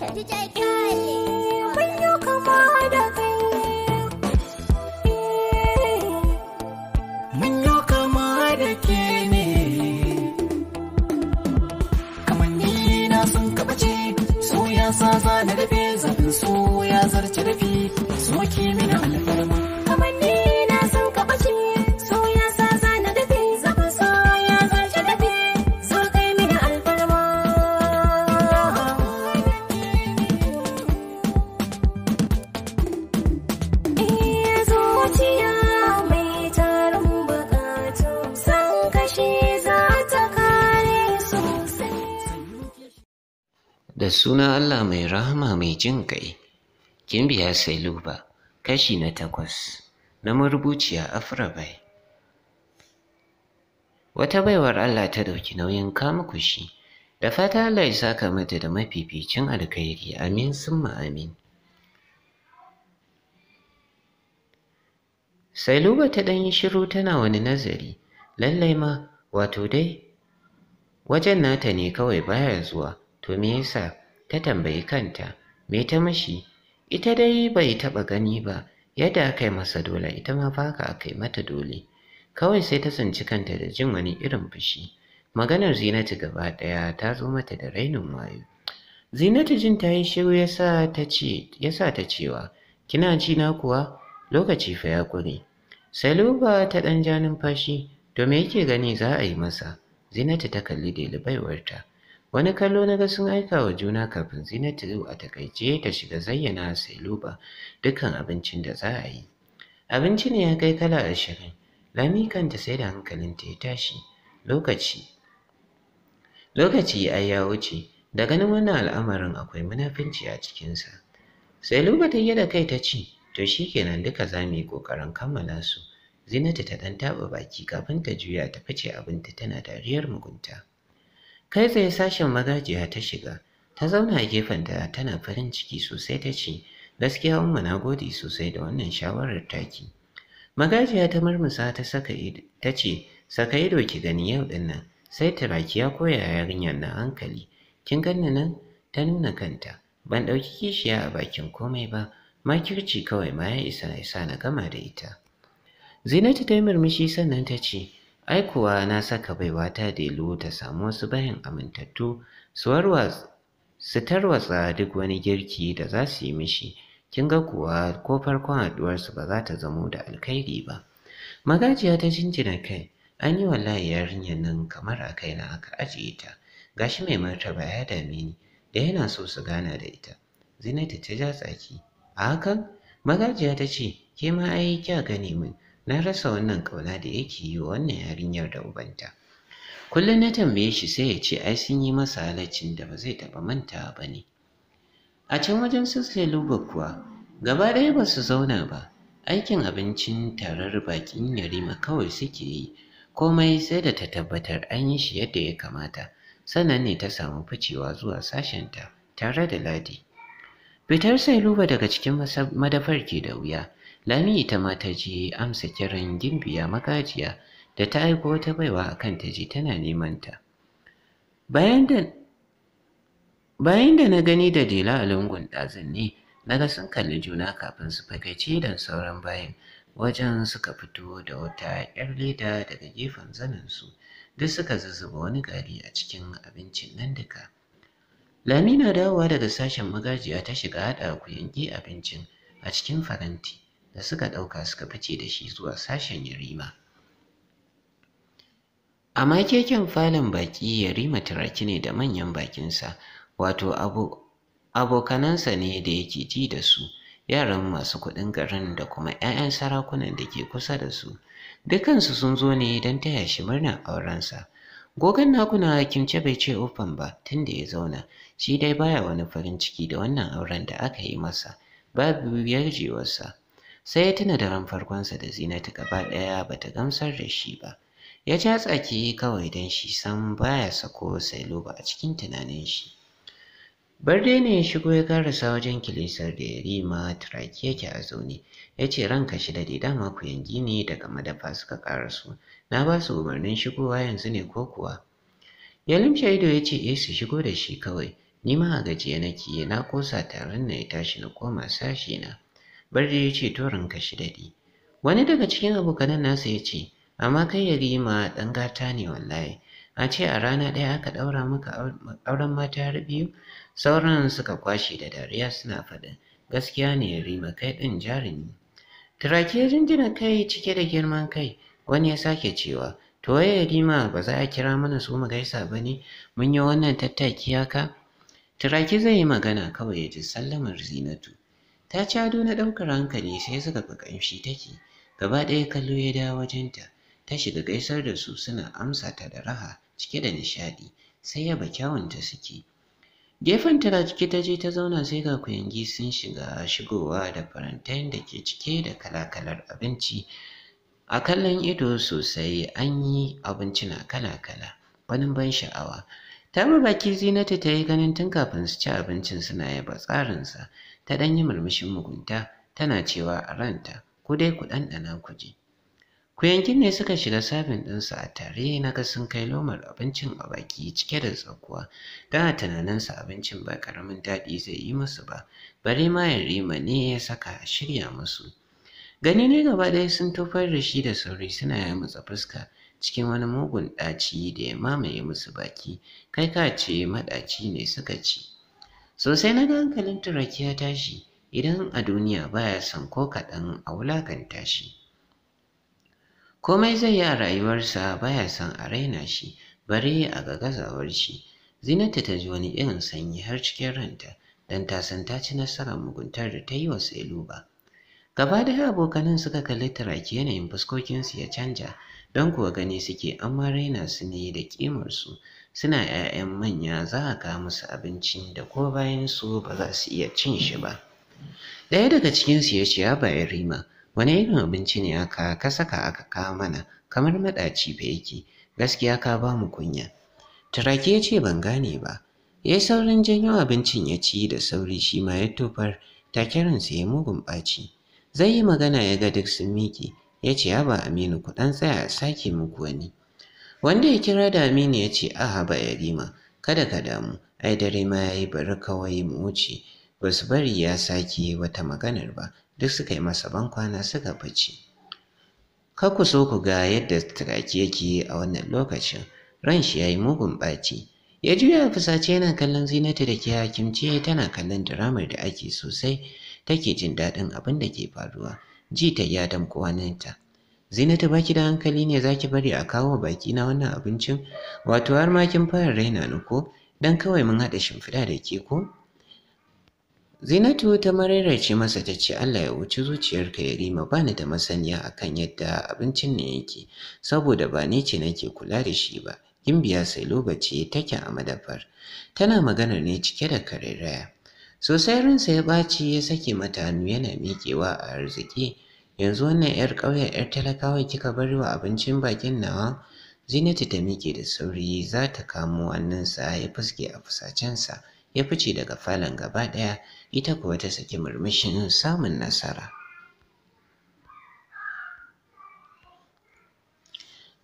想去摘菜。suna Allah mai rahama mai jin ƙai, kin biya Sailuba, kashi na takwas, na marubuciya Afrabai. Wata baiwar Allah ta ɗauki nauyin kama kushi, da fata Allah ya saka mata da mafificin alkhairi, amin summa amin. Sailuba ta ɗan yi shiru tana wani nazari, lallai ma, wato dai, wajen nata ne kawai baya zuwa, to me yasa ta tambayi kanta me ta mashi? ita dai bai taɓa gani ba yadda aka yi masa dole ita ma faka aka yi mata dole kawai sai ta tsinci kanta da jin wani irin fushi maganar zinatu gaba ɗaya ta zo mata da rainin wayo zinatu jin ta yi shiru ya sa ta cewa kina ji na kuwa lokaci fa ya kure saluba ta ɗan ja numfashi to me yake gani za a yi masa zinatu ta kalli delu baiwarta wani kallo na ga sun aika wa juna kafin zinatu a takaice ta shiga zayyana sai luba dukkan abincin da za a yi abinci ne ya kai kala ashirin lami kanta sai da hankalin ta ya tashi lokaci lokaci ai ya wuce da ganin wannan al'amarin akwai munafinci a cikinsa sai luba ta yi da kai ta ce to shi shikenan duka za mu yi ƙoƙarin kammala su zinata ta ɗan taɓa baki kafin ta juya ta fice abinta tana dariyar mugunta kai tsaye sashen magajiya ta shiga ta zauna a gefen ta tana farin ciki sosai ta ce gaskiya umma na gode sosai da wannan shawarar taki magajiya ta murmusa ta saka ido ta ce saka ido ki gani yau din nan sai baki ya koya yarinyar na hankali kin ganna nan ta nuna kanta ban ɗauki kishiya a bakin komai ba ma kirci kawai ma ya isa isa na gama da ita Zinatu ta yi murmushi sannan ta ce, ai kuwa na saka baiwa ta delu ta samu wasu bayan amintattu su tarwatsa duk wani girki da za su yi mishi kin ga kuwa ko farkon haɗuwarsu ba za ta zamo da alkhairi ba magajiya ta jinjina kai an yi wallahi yarinyar nan kamar a kai na aka ajiye ta gashi mai martaba ya dame ni da yana so su gana da ita zinata ta ja tsaki a hakan magajiya ta ce ke ma ai kya gane min na rasa wannan ƙauna da yake yi wa wannan yarinyar da ubanta kullum na tambaye shi sai ya ce ai sun yi masa halaccin da ba zai taɓa mantawa ba ne a can wajen su luba kuwa gaba ɗaya ba su zauna ba aikin abincin tarar bakin yarima kawai suke yi komai sai da ta tabbatar an yi shi yadda ya kamata sannan ne ta samu ficewa zuwa sashenta tare da ladi fitar sai luba daga cikin madafar ke da wuya Lami ita ma ta je amsa kiran gimbiya magajiya da ta aiko wata baiwa a kan ta je tana neman ta. Bayan da na gani da Dela a lungun ɗazin ne, na ga sun kalli juna kafin su fagace don sauran bayan wajen suka fito da wata 'yar leda daga gefen su duk suka zazzaba wani gari a cikin abincin nan duka. Lami na dawowa daga sashen magajiya ta shiga haɗa ku yanke abincin a cikin faranti. da suka ɗauka suka fice da shi zuwa sashen yarima amma keken falon baƙi yarima turaki ne da manyan bakinsa wato abokanansa ne da yake ji da su yaran masu kuɗin garin da kuma 'ya'yan sarakunan da ke kusa da su dukansu sun zo ne don taya shi murnar aurensa gogon nakuna ce bai ce ofan ba tun da ya zauna shi dai baya wani farin ciki da wannan auren da aka yi masa babu yarjewarsa sai ya tuna da ran farkonsa da zinata gaba ɗaya ba ta gamsar da shi ba ya ja tsaki kawai don shi san baya sako sailo ba a cikin tunanin shi barde ne ya shigo ya karasa wajen kilisar da ya rima turaki yake a zaune ya ce ranka shi da dama ku yangi ne daga madafa suka karasu na ba su umarnin shigowa yanzu ne ko kuwa ya limshe ido ya ce eh su shigo da shi kawai ni ma a gajiye nake na kosa taron na ya tashi na koma sashi na Barde ya ce to ranka shi daɗi. Wani daga cikin abokanan nasa ya ce, amma kai ya rima ɗan gata ne wallahi. A ce a rana ɗaya aka ɗaura maka auren mata har biyu, sauran suka kwashe da dariya suna faɗin. Gaskiya ne ya rima kai ɗin jarumi. Turaki ya jinjina kai cike da girman kai, wani ya sake cewa, To waye Yarima ba za a kira mana su mu gaisa ba ne? Mun yi wannan tattaki haka? Turaki zai yi magana kawai ya ji sallamar Zinatu. ta ci ado na ɗaukar hankali sai suka ga ƙamshi take gaba ɗaya kallo ya dawo wajenta ta shiga gaisar da su suna amsa ta da raha cike da nishaɗi sai yaba kyawunta suke gefen tana cike ta je ta zauna sai ga kuyangi sun shiga shigowa da farantayin da ke cike da kala-kalar abinci a kallon ido sosai an yi na kala-kala wani ban sha'awa ta baki zinata ta yi ganin tun kafin su ci abincin suna yaba tsarinsa ta ɗan yi murmushin mugunta tana cewa a ranta ku dai ku ɗanɗana ku je. Kuyankin ne suka shiga sabin ɗinsa a tare na ga sun kai lomar abincin a baki cike da tsakuwa don a tunaninsa abincin ba ƙaramin daɗi zai yi musu ba bari ma ya rima ne ya saka a shirya musu. Gani ne gaba ɗaya sun tofar da shi da sauri suna yamutsa fuska cikin wani mugun ɗaci da ya mamaye musu baki kai ka ce maɗaci ne suka ci. sosai na ga hankalin turaki ya tashi idan a duniya baya son ko kaɗan a wulakanta shi komai zai yi a rayuwarsa baya son a raina shi bare a ga gazawar shi zinata ta ji wani irin sanyi har cikin ranta don ta san ta ci nasarar muguntar da ta yi wa luba. gaba da abokanan suka kalli turaki yanayin fuskokinsu ya canja don kuwa gani suke amma ma raina su ne da ƙimarsu su suna 'ya'yan manya za a kawo musu abinci da ko bayan su ba za su iya cin shi ba ɗaya daga cikinsu ya ce ya bayan rima wani irin abinci ne aka ka saka aka kawo mana kamar maɗaci fa yake gaskiya ka ba mu kunya turaki ya ce ban gane ba ya yi saurin janyo abincin ya ci da sauri shi ma ya tofar takirinsa ya mugun ɓaci zai yi magana ya ga duk sun miki ya ce ya ba aminu kuɗan tsaya sake muku wani wanda ya kira da Aminu ya ce aha ba yarima kada ka damu ai dare ma yayi bari kawai mu wuce ba su bari ya sake wata maganar ba duk suka yi masa bankwana suka fice ka ku so ku ga yadda turaki yake a wannan lokacin ran shi yayi mugun ɓaci ya juya fusace yana kallon zinata da ke hakimce tana kallon diramar da ake sosai take jin daɗin abin da ke faruwa ji ta ya damƙo Zinata ki da hankali ne za ki bari a kawo baki na wannan abincin? Wato har ma kin fara raina ni ko? Dan kawai mun haɗa shimfiɗa da ke ko? Zinatu ta marairace masa ta ce Allah ya wuce zuciyarka ya rima ba ni da masaniya akan yadda abincin ne yake saboda ba ni ce nake kula da shi ba. Gimbiya sai lokaci take a madafar. Tana maganar ne cike da karairaya. Sosai Rinsa ya ɓaci ya sake mata hannu yana miƙewa a arziki. yanzu wannan 'yar ƙauyen 'yar talakawa kika bari wa abincin bakin nawa zinatu ta miƙe da sauri za ta kamo hannunsa ya fuske a fusacensa ya fice daga falon gaba ɗaya ita kuwa ta saki murmushin samun nasara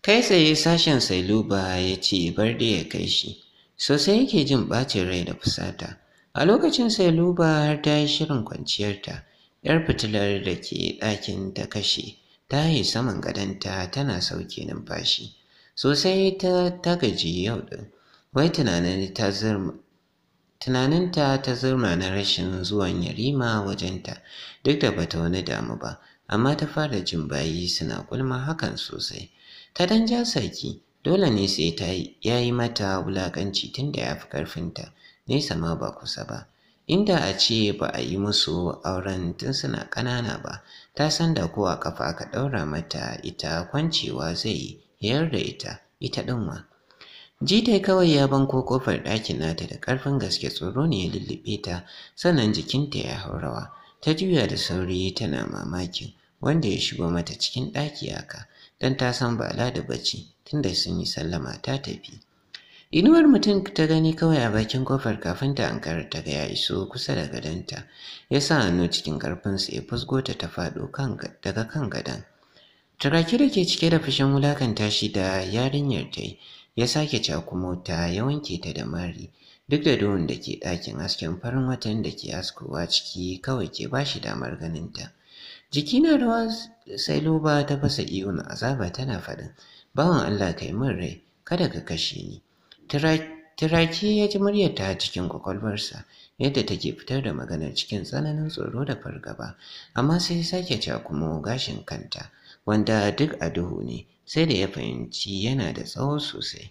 kai tsaye sashen sailuba ya ce bar da ya kai shi sosai yake jin ɓacin rai da fusata a lokacin sailuba har ta yi shirin kwanciyarta 'yar fitilar da ke ɗakin ta kashe ta yi saman gadonta tana sauke numfashi sosai ta tagaji yau ɗin wai tunaninta ta zurma na rashin zuwan yarima wajenta duk da bata wani damu ba amma ta fara jin bayi suna gulma hakan sosai ta dan ja saki dole ne sai ta yi mata wulakanci tunda ya fi karfinta nesa ma ba kusa ba inda a ce ba a yi musu auren tun suna ƙanana ba ta san da ko a kafa ka ɗaura mata ita kwancewa zai yi yar da ita ita ɗin wa Jitai kawai ya banko kofar ɗakin nata da ƙarfin gaske tsoro ne ya lullube ta sannan jikinta ya haurawa. Ta juya da sauri tana mamakin wanda ya shigo mata cikin ɗaki haka don ta san ba da bacci tunda sun yi sallama ta tafi. inuwar mutum ta gani kawai a bakin kofar kafin ta ankara ta ga ya iso kusa da gadonta ya sa hannu cikin ƙarfinsa ya fusgo ta ta faɗo daga kan gadon turaki da ke cike da fushin wulakanta shi da yarinyar ta yi ya sake cakumo ya wanke ta da mari duk da duhun da ke ɗakin hasken farin watan da ke askowa ciki kawai ke ba shi damar ganinta jiki na rawa sai loba ta fasa ihun azaba tana faɗin bawan allah kai min rai kada ka kashe ni Turaki ya ji muryarta ta cikin kwakwalwarsa yadda take fitar da maganar cikin tsananin tsoro da fargaba, amma sai sake cakumo gashin kanta wanda duk a duhu ne sai da ya fahimci yana da tsawo sosai.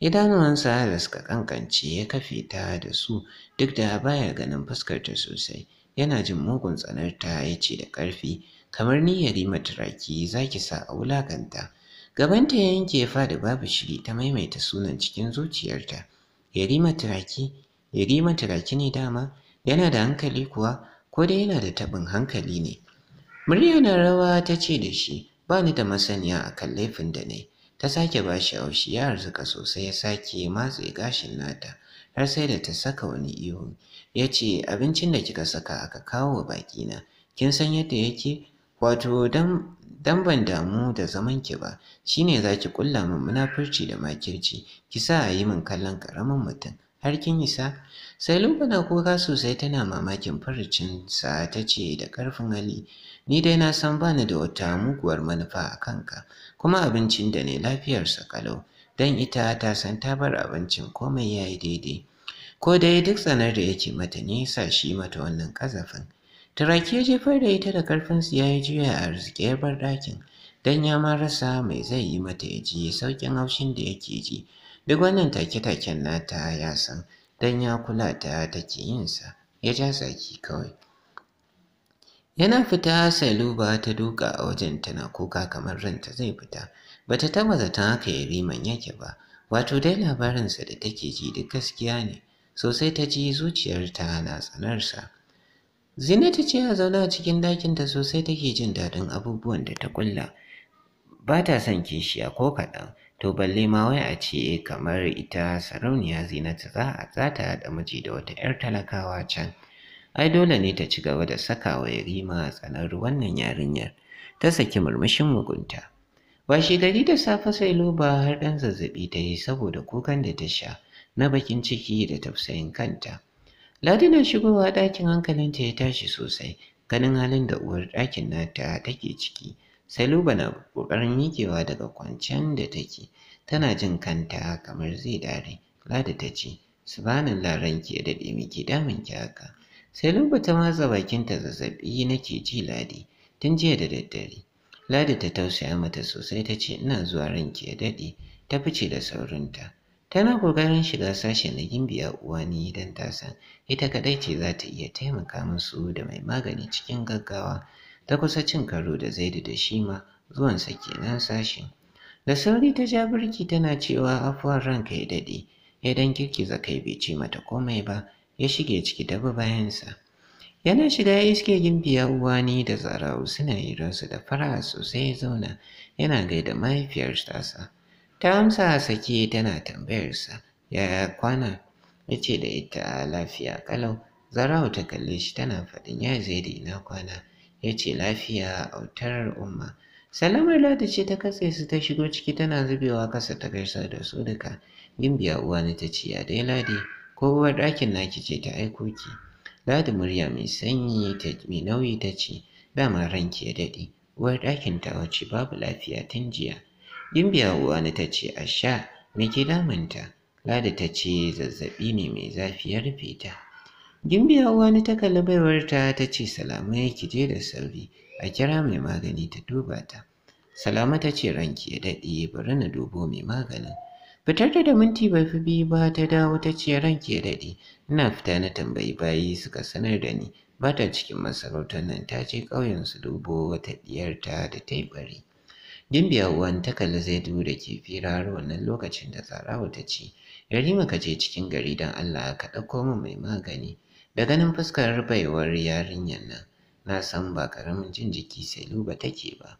Idanuwansa da suka kankance ya kafe ta da su duk da baya ganin fuskarta sosai. Yana jin mugun tsanarta ya ce da ƙarfi, kamar ni yarima turaki za ki sa a wulakanta. gabanta ya yanke da babu shiri ta maimaita sunan cikin zuciyarta yarima turaki yarima turaki ne dama yana da hankali kuwa ko dai yana da tabin hankali ne murya na rawa ta ce da shi ba ni da masaniya a kan laifin da ne ta sake ba shi haushi ya arzuka sosai ya sake matse gashin nata har sai da ta saka wani ihu ya ce abincin da kika saka aka kawo wa bakina kin san yadda yake wato dan dan ban damu da zaman ki ba shine zaki kulla min munafurci da makirci ki sa a yi min kallon karamin mutum har kin isa sai na kuka sosai tana mamakin farcin sa ta ce da karfin hali ni dai na san bani da wata muguwar manufa a kanka kuma abincin da ne lafiyar sa kalau dan ita ta san ta bar abincin komai yayi daidai ko dai duk tsanar da yake mata ne sa shi mata wannan kazafin Turaki ya jefar da ita da ƙarfinsu ya yi juya a arziki ya bar ɗakin. don ya ma rasa mai zai yi mata ya ji sauƙin haushin da yake ji. Duk wannan take-taken nata ya san don ya kula ta take yinsa ya ja saki kawai. Yana fita Saluba ta duka a wajen tana kuka kamar ranta zai fita. Bata taba zaton haka Yariman yake ba. Wato dai labarinsa da take ji duk gaskiya ne. Sosai ta ji zuciyarta na tsanarsa. Zinatu ce a zauna a cikin dakinta sosai take jin daɗin abubuwan da ta ƙulla. Ba ta son kishiya ko kaɗan, to balle ma wai a ce kamar ita sarauniya Zinatu za a za ta haɗa miji da wata 'yar talakawa can. Ai dole ne ta ci gaba da saka wa Yarima tsanar wannan yarinyar. Ta saki murmushin mugunta. Washe gari da safe sai loba har ɗan zazzaɓi ta yi saboda kukan da ta sha na bakin ciki da tafsayin kanta. Ladi na shigowa ɗakin hankalinta ya tashi sosai ganin halin da uwar ɗakin nata take ciki. Saluba na ƙoƙarin miƙewa daga kwanciyar da take tana jin kanta kamar zai dare. Ladi ta ce, Subhanallah ranki ya daɗe miki damun ki haka. Saluba ta matsa bakinta zazzaɓi nake ji Ladi tun jiya da daddare. Ladi ta tausaya mata sosai ta ce ina zuwa ranki ya daɗe ta fice da saurinta. Tana ƙoƙarin shiga sashe na gimbiya uwa ni don ta san ita kaɗai ce za ta iya taimaka musu da mai magani cikin gaggawa. Ta kusa cin karo da Zaidu da shi ma zuwansa kenan sashen. Da sauri ta ja birki tana cewa afuwar ranka ya daɗe, ya dan girgiza kai bai ce mata komai ba, ya shige ciki ta bi bayansa. Yana shiga ya iske gimbiya uwa ni da zarau suna hirarsu da fara'a sosai ya zauna yana gaida mahaifiyar tasa. ta amsa sake tana tambayarsa yaya kwana ya ce da ita lafiya kalau zarau ta kalle shi tana faɗin ya zai na kwana ya ce lafiya autar umma salamar ladi ce ta katse su ta shigo ciki tana zubewa kasa ta gaisa da su duka gimbiya uwa ne ta ce ya dai ladi ko uwar ɗakin naki ce ta aiko ki ladi murya mai sanyi ta mai nauyi ta ce dama ranki ya daɗi. uwar ɗakin ta wace babu lafiya tun jiya Gimbiya uwani ta ce a sha me ke damunta. Ladi ta ce zazzaɓi ne mai zafi ya rufe ta. Gimbiya uwani ta kalli baiwarta ta ce salamai ki je da sauri a kira mai magani ta duba ta. Salama ta ce ranki ya daɗe bari na dubo mai maganin. Fitar ta da minti bai fi biyu ba ta dawo ta ce ranki ya daɗe ina fita na tambayi bayi suka sanar da ni ba ta cikin masarautar nan ta je ƙauyen su dubo wata ta da ta yi bari. Gimbiya uwan ta kalli Zaidu da ke firar wannan lokacin da Sarawa ta ci. Yarima ka je cikin gari don Allah ka ɗauko min mai magani. Da ganin fuskar baiwar yarinyar nan, na san ba karamin jin jiki sai luba take ba.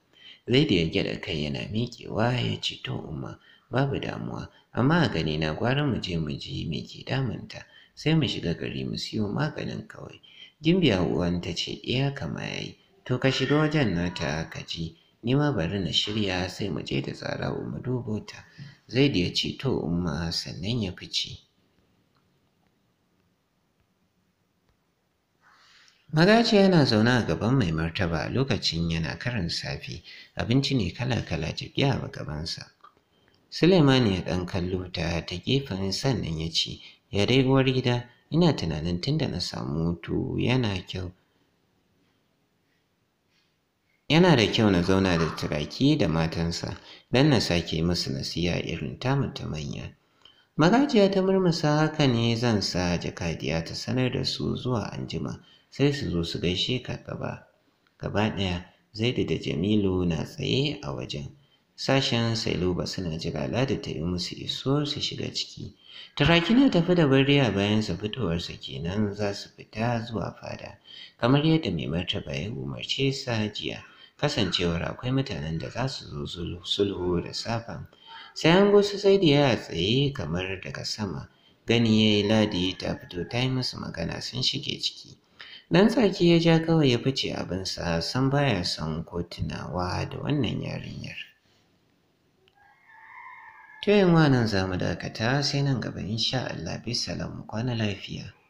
Zaidu ya gyaɗa kai yana miƙewa ya ce to umma babu damuwa amma a gani na gwara mu je mu ji me ke damunta sai mu shiga gari mu siyo maganin kawai. Gimbiya uwan ta ce iya kama yayi to ka shiga wajen nata ka ji ni ma bari na shirya sai mu je da wa mu dubo ta da ya ce to umma sannan ya fice Magaji yana zaune a gaban mai martaba lokacin yana karin safe, abinci ne kala-kala jibiya a gabansa. Suleimani ya ɗan kallo ta ta gefen sannan ya ce, ya dai uwar gida, ina tunanin tunda na samu hutu yana kyau yana da kyau na zauna da turaki da matansa don na sake musu nasiha irin tamu ta manya magajiya ta murmusa haka ne zan sa jakadiya ta sanar da su zuwa anjima sai su zo su gaishe ka gaba gaba ɗaya zaidu da jamilu na tsaye a wajen sashen sailuba suna jira lada ta yi musu iso su shiga ciki turaki na tafi da barriya bayan su fitowarsa kenan za su fita zuwa fada kamar yadda mai martaba ya umarce sa jiya kasancewar akwai mutanen da za su zo sulhu da safen sai an su sai da ya tsaye kamar daga sama gani ya yi ladi ta fito ta yi musu magana sun shige ciki dan tsaki ya ja kawai ya fice abinsa san baya son ko tunawa da wannan yarinyar to yin nan za mu dakata sai nan gaba insha Allah bisalamu kwana lafiya